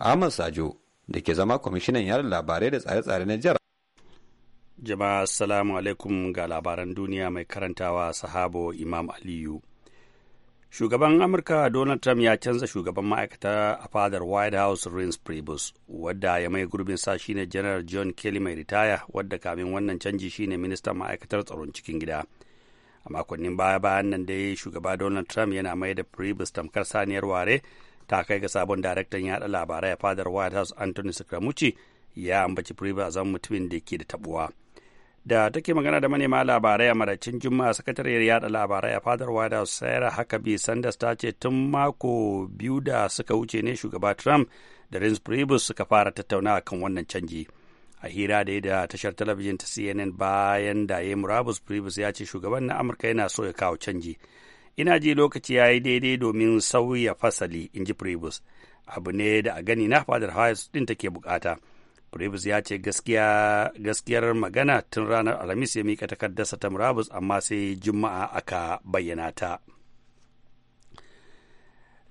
Ahmad Sajo da ke zama kwamishinan yaran labarai da tsare-tsare na jihar. Jama'a assalamu alaikum ga labaran duniya mai karantawa sahabo Imam Aliyu. Shugaban Amurka Donald Trump ya canza shugaban ma'aikata a fadar White House Rince Priebus, wadda ya mai gurbin sa shine General John Kelly mai ritaya, wadda kamin wannan canji shine ministan ma'aikatar tsaron cikin gida. A makonnin baya-bayan nan dai shugaba Donald Trump yana mai da Priebus tamkar saniyar ware ta kai ga sabon daraktan yaɗa labarai a fadar white house anthony sakramucci ya ambaci priva zan mutumin da ke da tabuwa da take magana da manema labarai a maracin juma'a sakatariyar yada labarai a fadar white house sarah huckabee sanders ta ce tun mako biyu da suka wuce ne shugaba trump da rins priebus suka fara tattaunawa kan wannan canji a hira da ya da tashar talabijin ta cnn bayan da ya murabus priebus ya ce shugaban na amurka yana so ya kawo canji ina ji lokaci ya yi daidai domin sauya fasali in ji Prebus abu ne da a gani na fadar Hayes din take bukata Prebus ya ce gaskiyar magana tun ranar Alhamis ya mika takardarsa ta murabus amma sai Juma'a aka bayyana ta.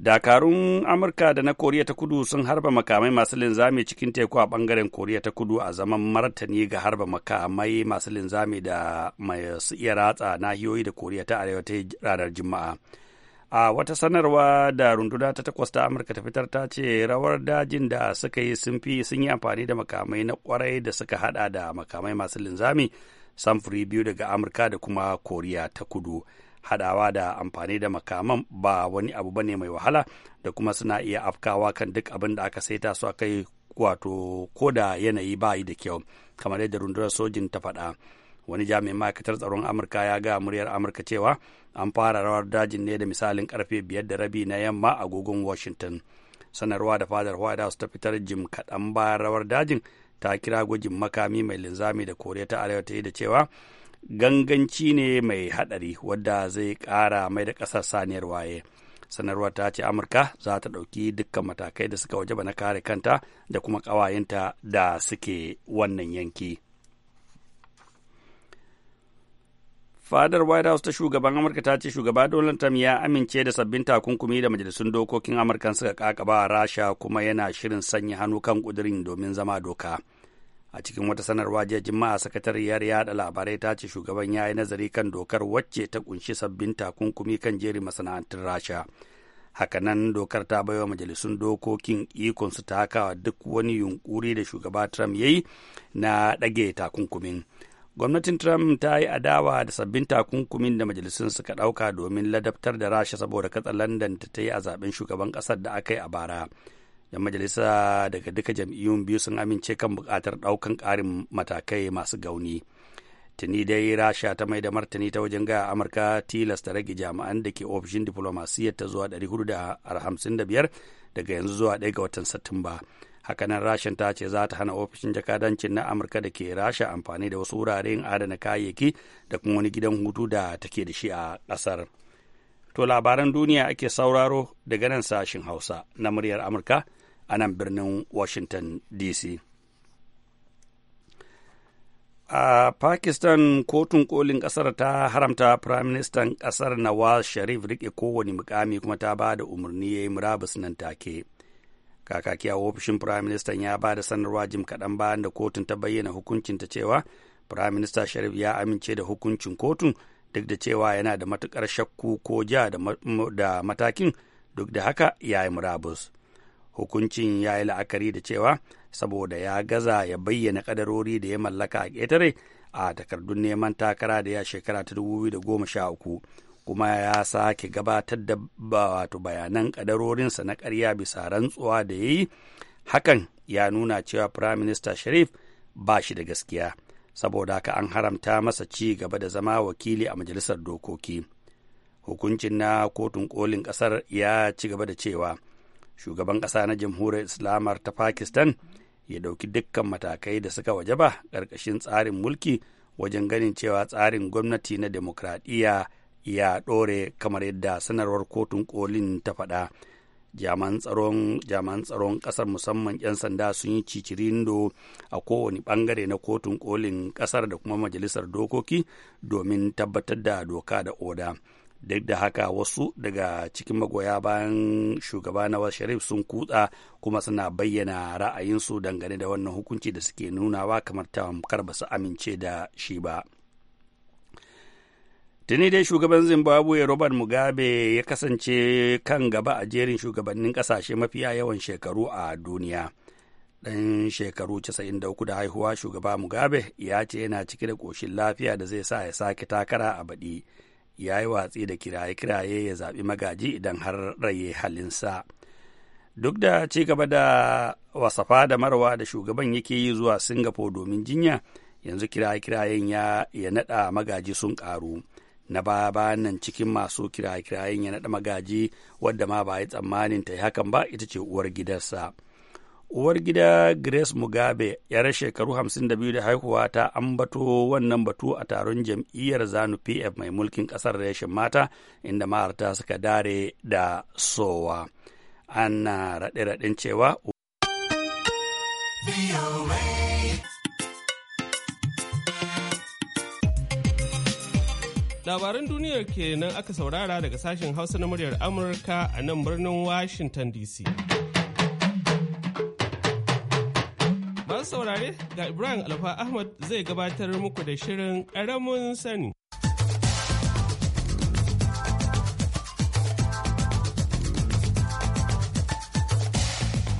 dakarun amurka da na koriya ta kudu sun harba makamai masu linzami cikin teku a bangaren koriya ta kudu a zaman martani ga harba makamai masu linzami da masu iya ratsa nahiyoyi da koriya ta arewa ta ranar juma'a a wata sanarwa da runduna ta takwas ta amurka ta fitar ta ce rawar dajin da suka yi sun fi sun yi amfani da makamai na kwarai da suka hada da makamai masu linzami samfuri biyu daga amurka da kuma koriya ta kudu hadawa da amfani da makaman ba wani abu bane mai wahala da kuma suna iya afkawa kan duk abin da aka saita su akai wato ko da yanayi ba yi da kyau kamar yadda rundunar sojin ta faɗa wani jami'in ma'aikatar tsaron amurka ya ga muryar amurka cewa an fara rawar dajin ne da misalin karfe biyar da rabi na yamma a gogon washington sanarwa da fadar white house ta fitar jim kaɗan bayan rawar dajin ta kira gwajin makami mai linzami da koriya ta arewa ta yi da cewa ganganci ne mai haɗari wadda zai ƙara mai da ƙasar saniyar waye sanarwar ta ce amurka za ta ɗauki dukkan matakai da suka wajaba na kare kanta da kuma ƙawayenta da suke wannan yanki fadar white house ta shugaban amurka ta ce shugaba donald trump ya amince da sabbin takunkumi da majalisun dokokin amurka suka kakaba rasha kuma yana shirin sanya hannu kan kudirin domin zama doka a cikin wata sanarwa jiya jima'a sakatariyar yada labarai ta ce shugaban ya yi nazari kan dokar wacce ta kunshi sabbin takunkumi kan jeri masana'antar rasha hakanan dokar ta baiwa majalisun dokokin ikon su takawa duk wani yunkuri da shugaba trump ya yi na ɗage takunkumin gwamnatin trump ta yi adawa da sabbin takunkumin da majalisun suka ɗauka domin ladabtar da rasha saboda katsalandan ta yi a zaben shugaban ƙasar da aka yi a bara 'yan majalisa daga duka jam'iyyun biyu sun amince kan buƙatar ɗaukan ƙarin matakai masu gauni tuni dai rasha ta mai da martani ta wajen gaya amurka tilasta rage jami'an da ke ofishin diplomasiyyar ta zuwa 455 daga yanzu zuwa 1 ga watan satumba hakanan rashin ta ce za ta hana ofishin jakadancin na amurka da ke rasha amfani da wasu wuraren adana kayayyaki da kuma wani gidan hutu da take da shi a ƙasar to labaran duniya ake sauraro daga nan sashin hausa na muryar amurka a nan birnin washington dc a pakistan kotun kolin kasar ta haramta firaministan kasar nawaz sharif rike kowane mukami kuma ta ba da umarni ya yi murabus nan take kakaki a ofishin firaministan ya ba da sanarwa jim kaɗan bayan da kotun ta bayyana hukuncin ta cewa firaminista sharif ya amince da hukuncin kotun duk da cewa yana da matukar shakku ko ja da matakin duk da haka ya yi murabus hukuncin ya yi la'akari da cewa saboda ya gaza ya bayyana kadarori da ya mallaka a ƙetare a takardun neman takara da ya shekara ta da goma sha uku kuma ya sake gabatar da wato bayanan kadarorinsa na karya bisa rantsuwa da ya yi hakan ya nuna cewa prime minister sharif ba shi da gaskiya saboda haka an haramta masa ci gaba da zama wakili a majalisar dokoki hukuncin na kotun kolin ƙasar ya ci gaba da cewa shugaban ƙasa na jamhuriyar islamar ta pakistan ya ɗauki dukkan matakai da suka wajaba ƙarƙashin tsarin mulki wajen ganin cewa tsarin gwamnati na demokradiyya ya ɗore kamar yadda sanarwar kotun kolin ta faɗa jaman tsaron ƙasar musamman 'yan sanda sun yi cicirindo a kowane ɓangare na kotun kolin ƙasar da kuma majalisar dokoki domin tabbatar da doka da oda. duk da haka wasu daga cikin magoya bayan shugaba na sharif sun kutsa kuma suna bayyana ra'ayinsu dangane da wannan hukunci da suke nunawa kamar tamkar ba su amince da shi ba tuni dai shugaban zimbabwe robert mugabe ya kasance kan gaba a jerin shugabannin kasashe mafiya yawan shekaru a duniya ɗan shekaru 93 da haihuwa shugaba mugabe ya ce yana cike da ƙoshin lafiya da zai sa ya sake takara a baɗi ya yi watsi da kiraye-kiraye ya zaɓi magaji idan har raye halinsa. Duk da ci gaba da wasafa da marwa da shugaban yake yi zuwa Singapore domin jinya, yanzu kiraye-kirayen ya, naɗa magaji sun ƙaru. Na ba nan cikin masu kiraye-kirayen ya naɗa magaji wadda ma ba yi tsammanin ta yi hakan ba ita ce uwar gidansa. uwar gida grace mugabe yar shekaru 52 da haihuwa ta ambato wannan batu a taron jam'iyyar zanu pf mai mulkin kasar reshen mata inda maharta suka dare da sowa ana raɗe-raɗen cewa labaran duniyar kenan aka saurara daga sashen hausa na muryar amurka a nan birnin washington dc Masu saurare da Ibrahim Alfa Ahmad zai gabatar muku da shirin ƙaramin sani.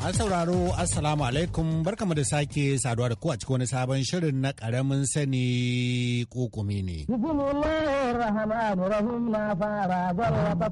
An sauraro Assalamu alaikum barkamu da sake saduwa da ku cikin wani sabon shirin na ƙaramin sani kokumi ne. Bismillahir Rahmanir na fara ta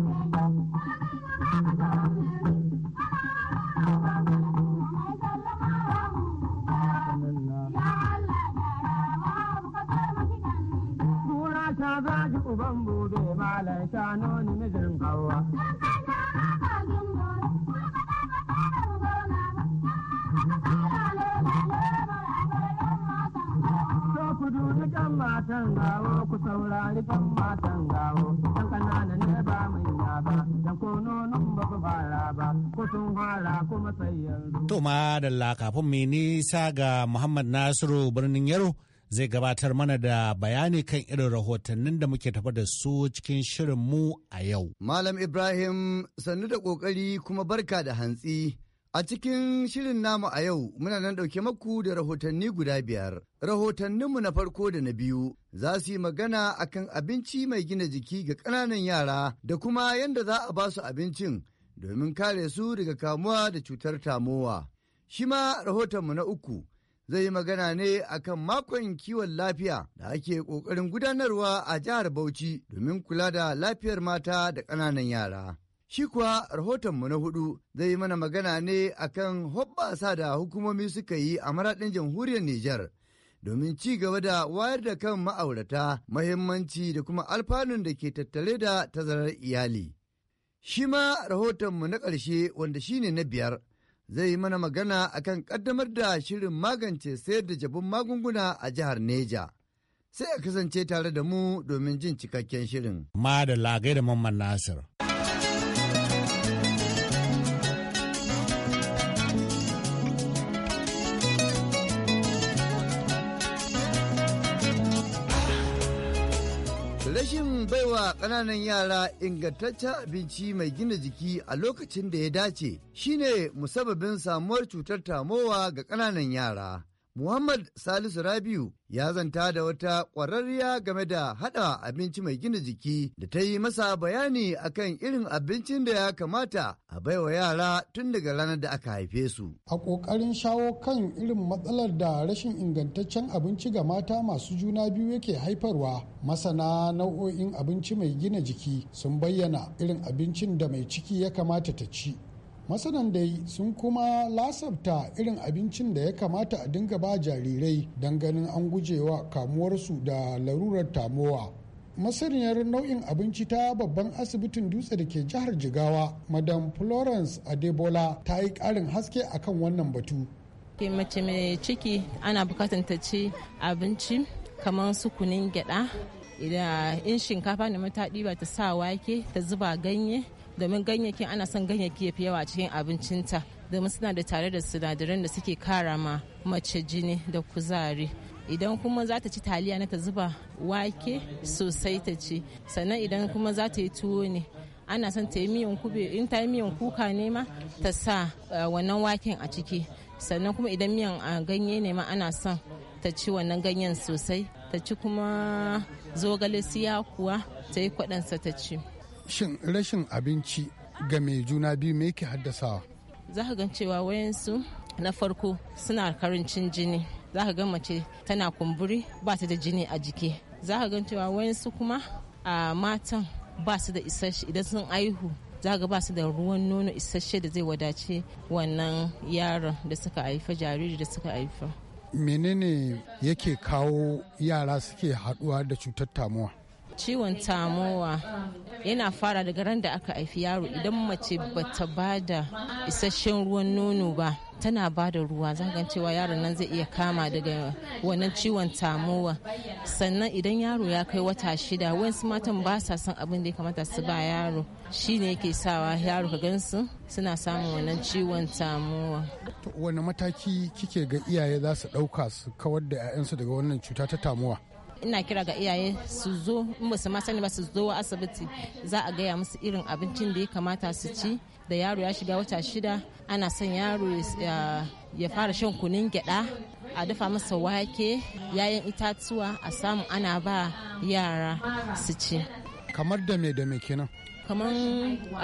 uban bude malam shanu ni mijin hawa. ku matan gawo ku saurari kan matan gawo dan kanana ne ba manya ba dan kononun ba ku fara ba ku sun fara kuma sai yanzu. To ma da kafin mai nisa ga Muhammad Nasiru birnin Yaro zai gabatar mana da bayani kan irin rahotannin da muke tafa da su cikin shirin mu a yau. Malam Ibrahim sannu da ƙoƙari kuma barka da hantsi. A cikin shirin namu a yau muna nan ɗauke maku da rahotanni guda biyar. Rahotanninmu na farko da na biyu za su yi magana akan abinci mai gina jiki ga ƙananan yara da kuma yadda za a basu abincin domin kare su daga kamuwa da cutar tamowa. Shi ma rahotonmu na uku zai yi magana ne akan makon kiwon lafiya da ake ƙoƙarin gudanarwa a jihar Bauchi domin kula da lafiyar mata da ƙananan yara. Shi kuwa rahotonmu na hudu zai yi mana magana ne akan hoɓɓasa da hukumomi suka yi a maraɗin jamhuriyar Nijar domin ci gaba da wayar da kan ma'aurata mahimmanci da kuma alfanun da ke tattare da tazarar iyali. Shi ma rahotonmu na ƙarshe wanda shine na biyar zai yi mana magana akan kaddamar da shirin magance sayar da jabun magunguna a jihar Neja. Sai a kasance tare da mu domin jin cikakken shirin. Ma da lagai da Mamman Nasir. ba ƙananan yara ingantaccen abinci mai gina jiki a lokacin da ya dace shine musababin samuwar cutar tamowa ga ƙananan yara. Muhammad Salisu Rabiu ya zanta da wata ƙwararriya game da haɗa abinci mai gina jiki da ta yi masa bayani akan irin abincin da ya kamata a baiwa yara tun daga ranar da aka haife su. A ƙoƙarin shawo kan irin matsalar da rashin ingantaccen abinci ga mata masu juna biyu yake haifarwa, masana nau'o'in abinci mai gina jiki sun bayyana irin abincin da mai ciki ya kamata ta ci. masanan dai sun kuma lasabta irin abincin da ya kamata a dinga ba jarirai don ganin an gujewa kamuwarsu da larurar tamowa masaniyar nau'in abinci ta babban asibitin dutse da ke jihar jigawa madam florence adebola ta yi karin haske akan wannan batu mace mai ciki ana bukatan ta ci abinci kamar sukunin kunin gyada idan in shinkafa ne mata ɗiba ta sa wake ta zuba ganye domin ganyayyaki ana son ganyayyaki ya fi yawa cikin abincinta domin suna da tare da sinadaran da suke kara ma mace jini da kuzari idan kuma za ta ci taliya na ta zuba wake sosai ta ci sannan idan kuma za ta yi tuwo ne ana son ta yi miyan kube in ta yi miyan kuka ne ma ta sa eh, wannan waken a ciki sannan kuma idan miyan eh, ganye ne ma ana son ta ci wannan ganyen sosai ta ci kuma zogale siya kuwa ta yi kwadansa ta ci shin rashin abinci ga mai juna biyu me yake haddasawa za ka gan cewa wayansu na farko suna karancin jini za ka gan mace tana kumburi ba ta da jini a jiki za ka gan cewa wayansu kuma a matan ba su da isasshe idan sun aihu za ga ba su da ruwan nono isasshe da zai wadace wannan yaron da suka haifa jariri da suka haifa menene yake kawo yara suke haduwa da cutar tamuwa ciwon tamowa yana fara daga ran da aka haifi yaro idan mace bata ba da isasshen ruwan nono ba tana ba da ruwa zagan cewa yaron nan zai iya kama daga wannan ciwon tamowa sannan idan yaro ya kai wata shida wasu matan ba sa son abin da ya kamata su ba yaro shine yake sawa yaro ka gansu suna samun wannan ciwon tamowa wani mataki kike ga iyaye za su ɗauka su kawar da 'ya'yansu daga wannan cuta ta tamuwa ina kira ga iyaye su zo in ba su ma sani ba su zo asibiti za a gaya musu irin abincin da ya kamata su ci da yaro ya shiga wata shida ana son yaro ya fara shan kunun gyada a dafa masa wake yayan itatuwa a samu ana ba yara su ci kamar da me da me kenan kamar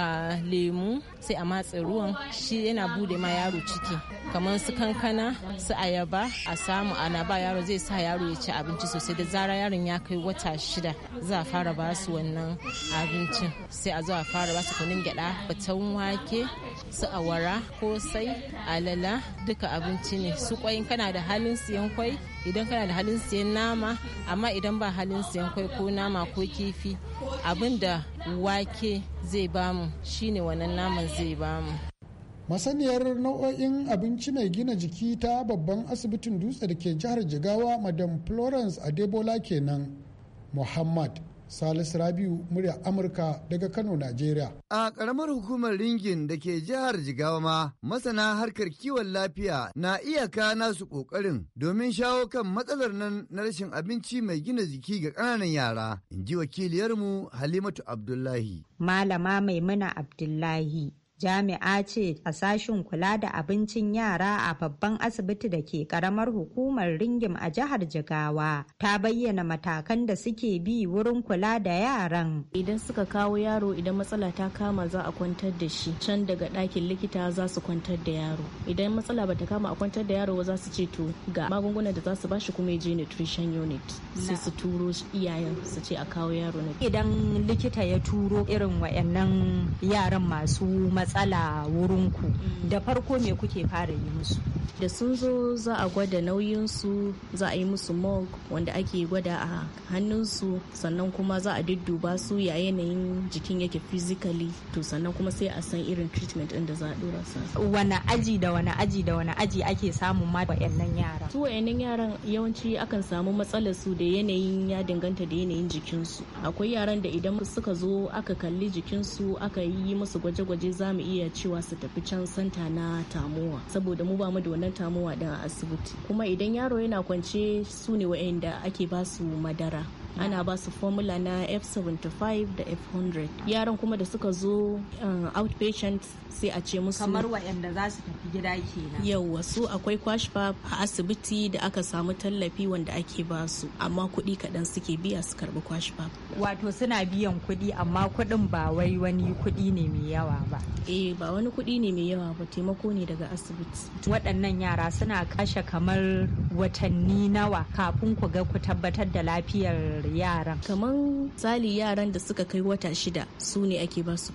a lemu sai a matse ruwan shi yana bude ma yaro ciki kamar su kankana su ayaba a samu ana ba yaro zai sa yaro ya ci abinci sosai da zara yaron ya kai wata shida za a fara ba su wannan abincin sai a zo a fara ba su kunin gyada faten wake su awara ko sai alala duka abinci ne su kwai kana da halin siyan kwai idan kana da halin siyan nama amma idan ba halin siyan kwai ko nama ko kifi abin da wake zai bamu shine wannan naman zai bamu masaniyar nau'o'in abinci mai gina jiki ta babban asibitin dutse da ke jihar jigawa madam florence adebola kenan muhammad Salisu Rabiu murya Amurka daga Kano, Najeriya. A ƙaramar hukumar ringin da ke jihar Jigawa masana harkar kiwon lafiya na iyaka nasu ƙoƙarin domin shawo kan matsalar nan na rashin abinci mai gina jiki ga ƙananan yara, in ji wakiliyarmu Halimatu Abdullahi. Malama Maimuna Abdullahi jami'a ce a sashen kula da abincin yara a babban asibiti da ke karamar hukumar ringim a jihar jigawa ta bayyana matakan da suke bi wurin kula da yaran idan suka kawo yaro idan matsala ta kama za a kwantar da shi can daga ɗakin likita za su kwantar da yaro idan matsala bata kama a kwantar da yaro za su ce to ga magungunan da za su bashi kuma je nutrition unit sai su turo iyayen su ce a kawo yaro na idan likita ya turo irin wa'annan yaran masu matsala wurinku mm. da farko me kuke fara yi musu da sun zo za a gwada nauyinsu za a yi musu mug wanda ake gwada a hannunsu sannan kuma za a dudduba su ya yanayin jikin yake physically to sannan kuma sai a san irin treatment ɗin da za a dora su wani aji da wani aji da wani aji ake samun ma wa'annan yara su wa'annan yaran yawanci akan samu matsalar su da yanayin ya danganta da yanayin jikinsu akwai yaran da idan suka zo aka kalli jikinsu aka yi musu gwaje-gwaje za mu iya cewa su tafi can santa na tamuwa saboda mu ba mu da wannan tamowa din a asibiti kuma idan yaro yana kwance su ne wa'anda ake basu madara ana ba su formula na f75 da f100 yaran kuma da suka zo uh, outpatient sai a ce musu kamar waɗanda za su tafi gida kenan Yau su akwai kwash a asibiti da aka samu tallafi wanda ake ba su amma kuɗi kaɗan suke biya su karɓi kwash wato suna biyan kuɗi amma kuɗin ba wai wani kuɗi ne mai yawa ba eh ba wani kuɗi ne mai yawa ba taimako ne daga asibiti waɗannan yara suna kashe kamar watanni nawa kafin ku ga ku tabbatar da lafiyar yaran kamar misali yaran da suka kai wata shida su ne ake ba su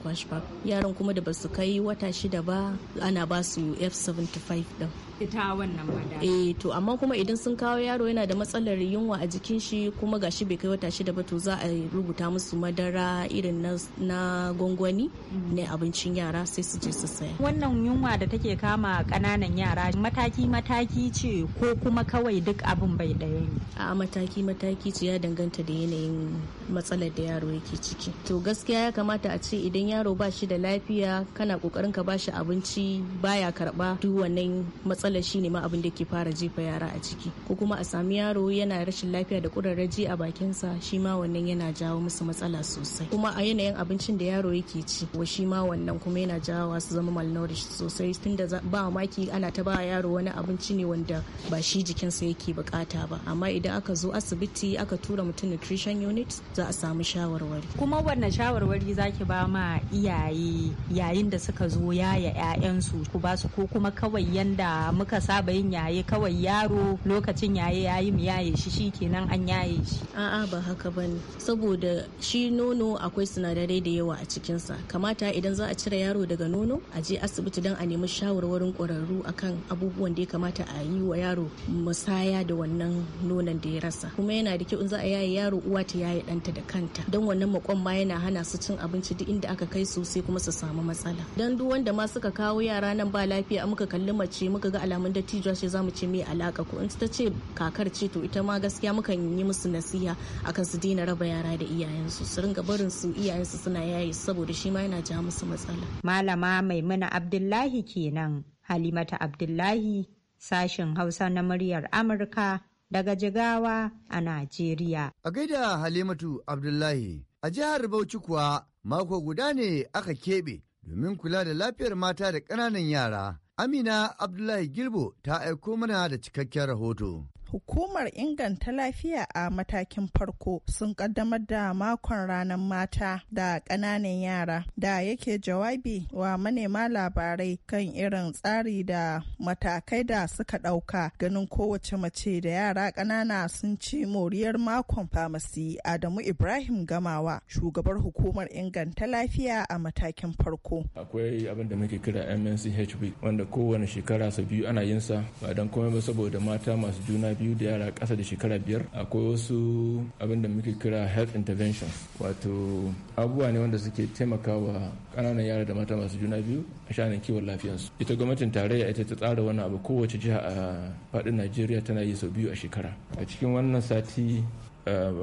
yaran kuma da ba su kai wata shida ba ana ba su f75 din fita wannan madara eh to amma kuma idan sun kawo yaro yana da matsalar yunwa a jikin shi kuma gashi bai kai wata shida ba to za a rubuta musu madara irin na gwangwani mm. ne abincin yara sai su je su saya wannan yunwa da take kama kananan yara mataki mataki ce ko kuma kawai duk abin bai ɗaya ne a mataki mataki ce ya danganta da yanayin matsalar da yaro yake ciki to gaskiya ya kamata a ce idan yaro ba shi da lafiya kana kokarin ka ba shi abinci baya karba duk wannan matsalar shi ne ma abin da ke fara jefa yara a ciki ko kuma a sami yaro yana rashin lafiya da kurarraji a bakinsa shi ma wannan yana jawo musu matsala sosai kuma a yanayin abincin da yaro yake ci wa shi ma wannan kuma yana jawo su zama malnourished sosai tunda ba maki ana ta ba yaro wani abinci ne wanda ba shi jikinsa yake bukata ba amma idan aka zo asibiti aka tura mutum nutrition unit za a samu shawarwari kuma wannan shawarwari zaki ba ma iyaye yayin da suka zo yaya 'ya'yansu ku ba su ko kuma kawai yanda muka saba yin yaye kawai yaro lokacin yaye yayi mu yaye shi shikenan an yaye shi a'a ba haka bane saboda shi nono akwai sinadarai da yawa a cikinsa kamata idan za a cire yaro daga nono a je asibiti don a nemi shawarwarin ƙwararru akan abubuwan da ya kamata a yi wa yaro musaya da wannan nonon da ya rasa kuma yana da kyau in za a yaye yaro uwa ta yaye ɗanta da kanta don wannan makon ma yana hana su cin abinci duk inda aka kai su sai kuma su samu matsala dan duk wanda ma suka kawo yara nan ba lafiya muka kalli mace muka ga alamun dattijuwa ce zamu ce me alaka ko in ta ce kakar ce to ita ma gaskiya mukan yi musu nasiha akan su dina raba yara da iyayensu su ringa barin su iyayensu suna yayi saboda shi ma yana ja musu matsala malama maimuna abdullahi kenan halimata abdullahi sashin hausa na muryar amurka daga jigawa a najeriya a gaida halimatu abdullahi a jihar bauchi kuwa mako guda ne aka keɓe domin kula da lafiyar mata da ƙananan yara Amina Abdullahi Gilbo ta aiko mana da cikakken rahoto. hukumar inganta lafiya a matakin farko sun kaddamar da makon ranar mata da ƙananan yara da yake jawabi wa manema labarai kan irin tsari da matakai da suka ɗauka ganin kowace mace da yara ƙanana sun ci moriyar makon famasi Adamu Ibrahim Gamawa shugabar hukumar inganta lafiya a matakin farko. Akwai abin da muke kira MNCHB wanda kowane shekara sa biyu ana yinsa ba don komai ba saboda mata masu juna biyu biyu da yara ƙasa da shekara biyar akwai wasu abin da muke kira health interventions wato abubuwa ne wanda suke taimakawa ƙananan yara da mata masu juna biyu a shanin kiwon lafiyansu ita gwamnatin tarayya ita ta tsara wannan abu kowace jiha a faɗin najeriya tana yi sau biyu a shekara a cikin wannan sati Eh,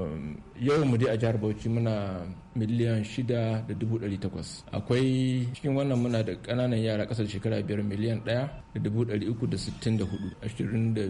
yau mu dai a jihar bauchi muna miliyan shida da dubu ɗari takwas akwai cikin wannan muna da ƙananan yara ƙasar shekara biyar miliyan ɗaya da dubu ɗari uku da sittin da hudu ashirin da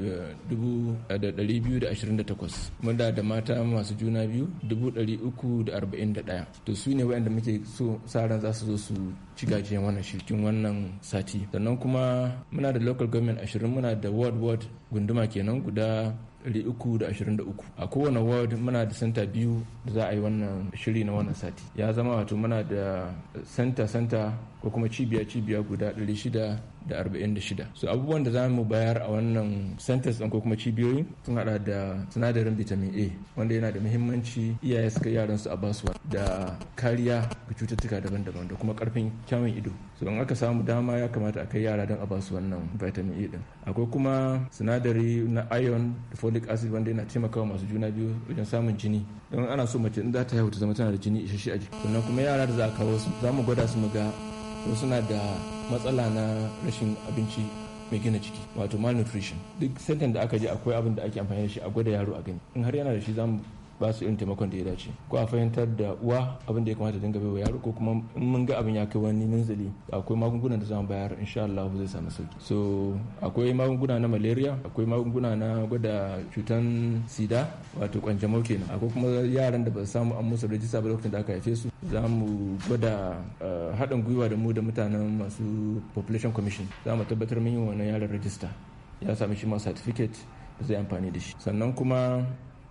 dubu eh, da ɗari biyu da ashirin da takwas muna da mata masu juna biyu dubu ɗari uku da arba'in da ɗaya to su ne waɗanda muke so sa za su zo su ci gajiyan wannan cikin wannan sati sannan kuma muna da local government ashirin muna da ward ward gunduma kenan guda 323 a kowane ward muna da santa biyu da za a yi wannan shiri na wannan sati ya zama wato muna da santa santa ko kuma cibiya-cibiya guda 646 so abubuwan da za mu bayar a wannan centers ɗin ko kuma cibiyoyi sun hada da sinadarin vitamin a wanda yana da muhimmanci iyaye suka yaran su a basuwa da kariya ga cututtuka daban-daban da kuma karfin kyawun ido so in aka samu dama ya kamata a kai yara don a basu wannan vitamin a din akwai kuma sinadari na iron da folic acid wanda yana taimakawa masu juna biyu wajen samun jini don ana so mace in za ta haihu ta zama tana da jini isasshe a jiki sannan kuma yara da za a kawo su za mu gwada su mu ga ko suna da matsala na rashin abinci mai gina ciki. wato malnutrition duk sandan da aka je akwai abin da ake amfani da shi a gwada yaro a gani in har yana da shi zamu ba su irin taimakon da ya dace ko a fahimtar da uwa abin da ya kamata dinga bai wa yaro ko kuma in mun ga abin ya kai wani minzali akwai magunguna da za mu bayar insha Allah zai samu sauki so akwai magunguna na malaria akwai magunguna na gwada cutan sida wato kwanjamau kenan akwai kuma yaran da ba samu an musu rajista ba lokacin da aka haife su za mu gwada eh, haɗin gwiwa da mu da mutanen masu population commission za mu tabbatar mun yi wannan yaran rajista ya sami shi ma certificate zai amfani da shi sannan kuma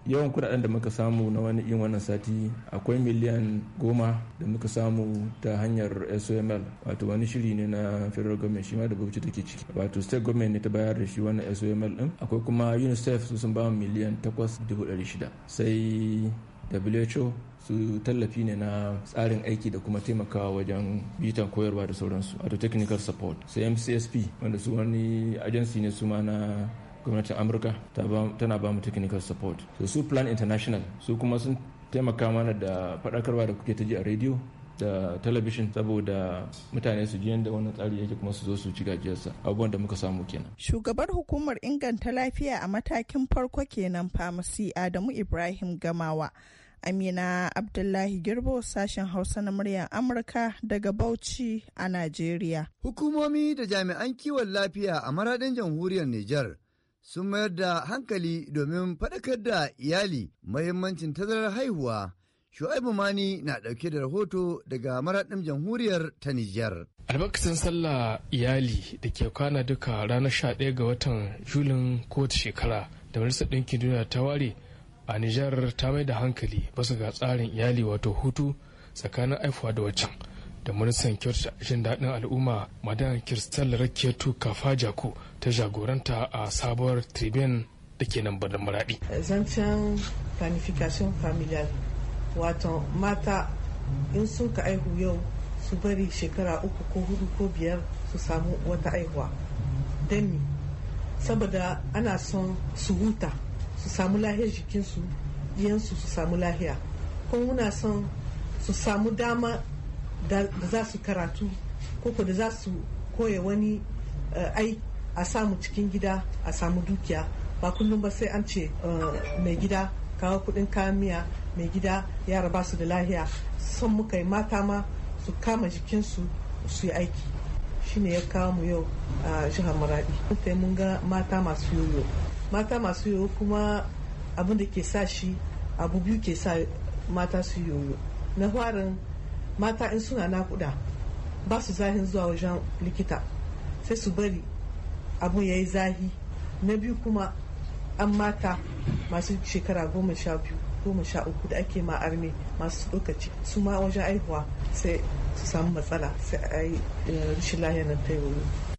yawan kudaden da muka samu na wani yin wannan sati akwai miliyan goma da muka samu ta hanyar soml wato wani shiri ne na federal government shi ma da bauchi take ciki wato state government ne ta bayar da shi wannan soml din akwai kuma unicef su sun ba miliyan takwas shida sai who su tallafi ne na tsarin aiki da kuma taimakawa wajen bitan koyarwa da sauransu wato technical support sai mcsp wanda su wani agency ne su ma na gwamnatin amurka tana ba mu technical support so su plan international su kuma sun taimaka mana da faɗakarwa da kuke ta ji a rediyo da television saboda mutane su ji yadda wannan tsari yake kuma su zo su ci gajiyarsa abubuwan da muka samu kenan. Shugabar hukumar inganta lafiya a matakin farko kenan famasi Adamu Ibrahim Gamawa. Amina Abdullahi Girbo sashen Hausa na muryar Amurka daga Bauchi a nigeria. Hukumomi da jami'an kiwon lafiya a maradin jamhuriyar Nijar sun mayar da hankali domin faɗakar da iyali mahimmancin tazarar haihuwa. Shu'aibu Mani na ɗauke da rahoto daga maraɗin jamhuriyar ta Nijar. albarkacin sallah iyali da ke kwana duka ranar 11 ga watan julin kowace shekara da majalisar ɗinkin duniya ta ware a Nijar ta mai da hankali basu ga tsarin iyali wato hutu tsakanin aifuwa da waccan. da ministan kyautata daɗin al'umma madan kirstal rakiyatu kafa jako ta jagoranta a sabuwar tribune da ke nan birnin maradi. zancen planification familial wato mata in sun ka aihu yau su bari shekara uku ko hudu ko biyar su samu wata aihuwa don saboda ana son su huta su samu lahiyar jikinsu yansu su samu lahiya kuma muna son su samu dama da za su karatu ko da za su koya wani eh, ai a samu cikin gida a samu dukiya ba kullum ba sai an ce eh, mai gida kawo kudin kayan miya mai gida yara ba su da lahiya son muka yi mata ma su kama jikinsu su yi aiki shine ya kawo mu yau a jihar maradi sai mun ga mata masu yoyo mata masu yoyo kuma abin da ke sa shi abu biyu ke sa mata su yoyo na farin mata in suna nakuda ba su zahin zuwa wajen likita sai su bari abu ya yi zahi na biyu kuma an mata masu shekara goma sha biyu goma sha uku da ake ma arme masu lokaci su ma wajen aihuwa sai su samu matsala sai a yi eh, rashin lahiyar nan ta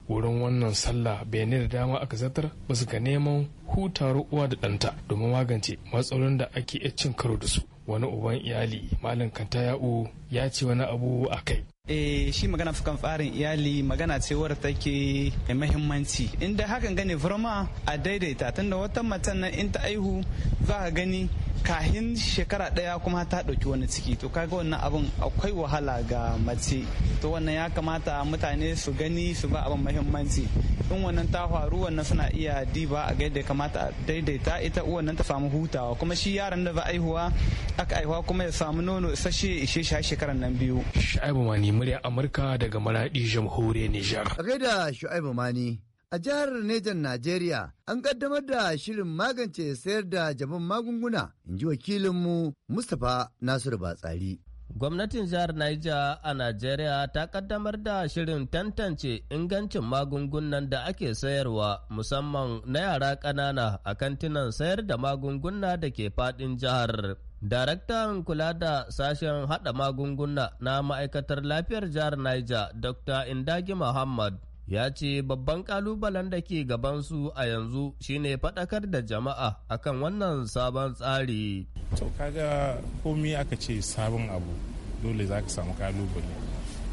wurin wannan sallah bayanai da dama aka zartar ba su ga neman hutar uwa da ɗanta domin magance matsalolin da ake iya cin karo da su wani uban iyali malam kanta ya'u ya ce wani abu a kai eh shi magana fukan farin iyali magana ce wadda take da muhimmanci inda hakan gane verma a daidaita tunda wata matan nan in ta aihu za ka gani kahin shekara ɗaya kuma ta ɗauki wani ciki to kaga wannan abin akwai wahala ga mace to wannan ya kamata mutane su gani su ba abin mahimmanci in wannan ta faru wannan suna iya diba a gaida kamata daidaita ita uwan nan ta samu hutawa kuma shi yaran da a aihuwa aka aihuwa kuma ya samu nono isasshe ishe shi shekaran nan biyu shu'aibu mani murya amurka daga maradi jamhuriyar nijar gaida shu'aibu mani A jihar Nejan Najeriya an kaddamar da shirin magance sayar da jabin magunguna, in ji wakilinmu Mustapha Nasiru Batsari. Gwamnatin jihar Niger a Najeriya ta kaddamar da shirin tantance ingancin magungunan da ake sayarwa musamman na yara ƙanana a kantinan sayar da magunguna da ke faɗin jihar. Daraktan kula da sashen haɗa magunguna na ma'aikatar lafiyar jihar Niger, Dr. Indagi Muhammad, ya ce babban kalubalen da ke gabansu a yanzu shine faɗakar da jama'a akan wannan sabon tsari. to kaga komi aka ce sabon abu dole za ka samu kalubale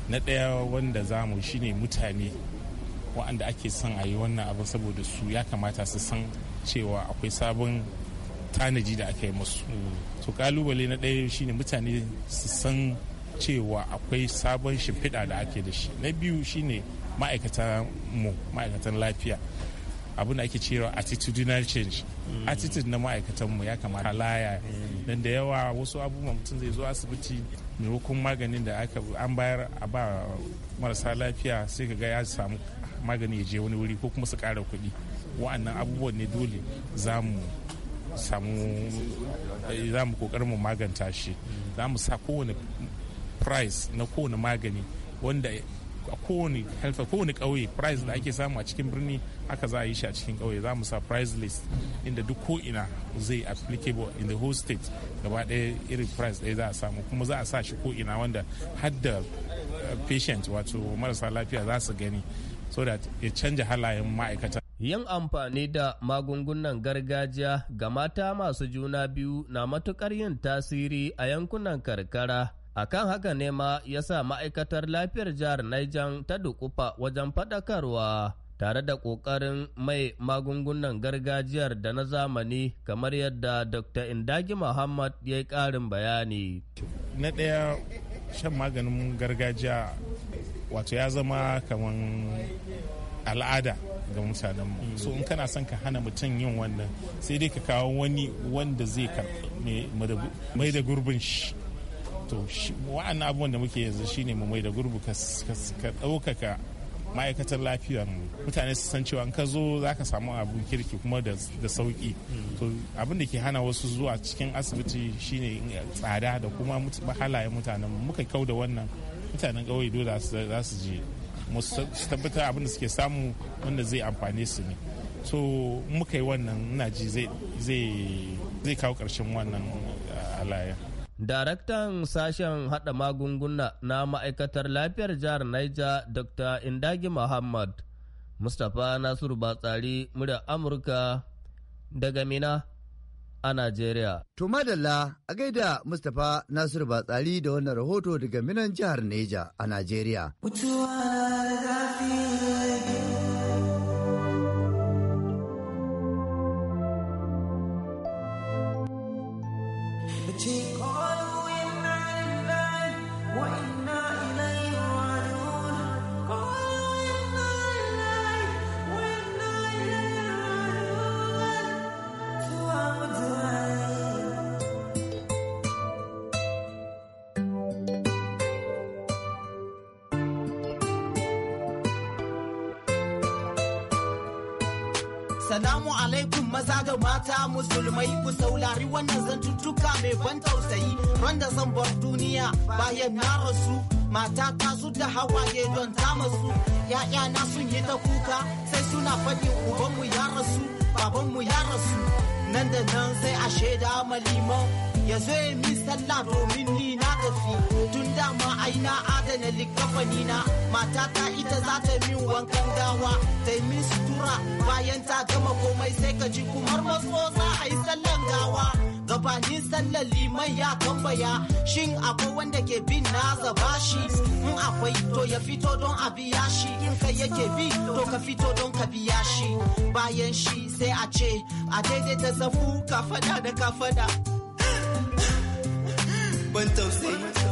na ɗaya wanda za mu shine mutane wa'anda ake son a yi wannan abu saboda su ya kamata su san cewa akwai sabon tanaji da aka yi musu to kalubale na ɗaya shine mutane su san cewa akwai sabon shimfiɗa da ake da shi na biyu shine ma'aikatan mu ma'aikatan lafiya abin da ake cewa attitudinal change mm. attitude na ma'aikatanmu ya kamata laya mm. dan da yawa wasu abubuwan mutum zai zo asibiti maimakon maganin da aka an bayar a ba marasa lafiya sai ka ga ya samu magani ya je wani wuri ko kuma su kara kuɗi wa'annan abubuwan ne dole za mu samu eh, za mu kokarin mu maganta shi mm. za mu sa kowane price na kowane magani wanda a kowane helfa kowane kauye price da ake samu a cikin birni haka za a yi shi a cikin kauye za mu sa price list inda duk ko ina zai applicable in the whole state gaba ɗaya irin price daya za a samu kuma za a sa shi ko ina wanda har eh, patient wato marasa lafiya za su gani so that ya canja halayen ma'aikata yin amfani da magungunan gargajiya ga mata masu juna biyu na matukar yin tasiri a yankunan karkara Akan haka ne ma ya sa ma'aikatar lafiyar jihar Niger ta dukufa wajen faɗakarwa tare da ƙoƙarin mai magungunan gargajiyar da na zamani kamar yadda Dr. Indagi Muhammad ya yi ƙarin bayani. Na ɗaya shan maganin gargajiya wato ya zama kamar al'ada ga mutanen mu mm. so in kana son ka hana mutum yin wannan sai dai ka kawo wani wanda zai mai da gurbin shi to wa'an abubuwan da muke yanzu shine mu mai da gurbu ka ɗaukaka ma'aikatar lafiya mutane su san cewa in ka zo za ka samu abu kirki kuma da sauki to abin da ke hana wasu zuwa cikin asibiti shine eh, tsada da kuma halayen mutanen muka kau da wannan mutanen ƙauye dole za su je su tabbatar abin da suke samu wanda zai amfane su ne so muka yi wannan ji zai kawo ƙarshen wannan eh, halayen Daraktan sashen hada magunguna na ma'aikatar lafiyar jihar Niger Dr. Indagi Muhammad, Mustapha Nasiru Batsari murya Amurka daga Mina a Najeriya. To madalla a gaida Mustapha Nasiru Batsari da wannan rahoto daga Minan jihar Niger a Najeriya. What Salamu alaikum maza da mata musulmai ku saulari wannan zantuttuka mai ban tausayi randa zan bar duniya bayan na rasu mata ta su da hawaye don ta masu ya'ya na sun yi ta kuka sai suna faɗin ubanmu ya rasu babanmu ya rasu nan da nan sai a shaida maliman ya zo ya min sallah domin ni na tafi tun dama aina adana likafani na matata ita za ta min wankan gawa ta min sutura bayan ta gama komai sai ka ji kumar maso za a yi sallan gawa gabanin sallar liman ya tambaya shin akwai wanda ke bin na zaba shi in akwai to ya fito don a biya shi in kai yake bi to ka fito don ka biya shi bayan shi sai a ce a daidaita zafu ka da ka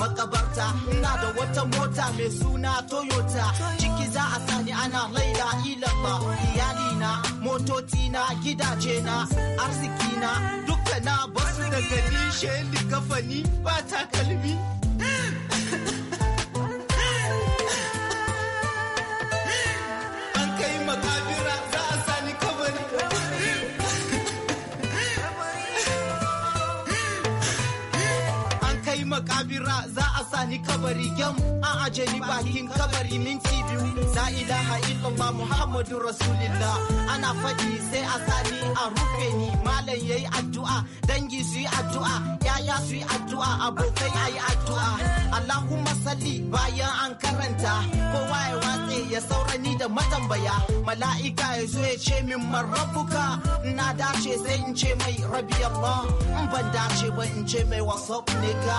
makabarta ina da wata mota mai suna toyota ciki za a sani ana laila ilaba iyalina mototina gidajena arzikina dukkana na basu daga ni sheli kafani ba takalmi makabira za a sa ni kabari gam an aje ni bakin kabari minti biyu la ilaha illallah muhammadu rasulillah ana faɗi sai a sa ni a rufe ni malam yayi addu'a dangi su yi addu'a yaya su yi addu'a abokai ayi addu'a allahumma salli bayan an karanta kowa ya watse ya saurani da matambaya mala'ika ya zo ya ce min marabuka na dace sai in ce mai rabi Allah in ban dace ba in ce mai wasu ne ga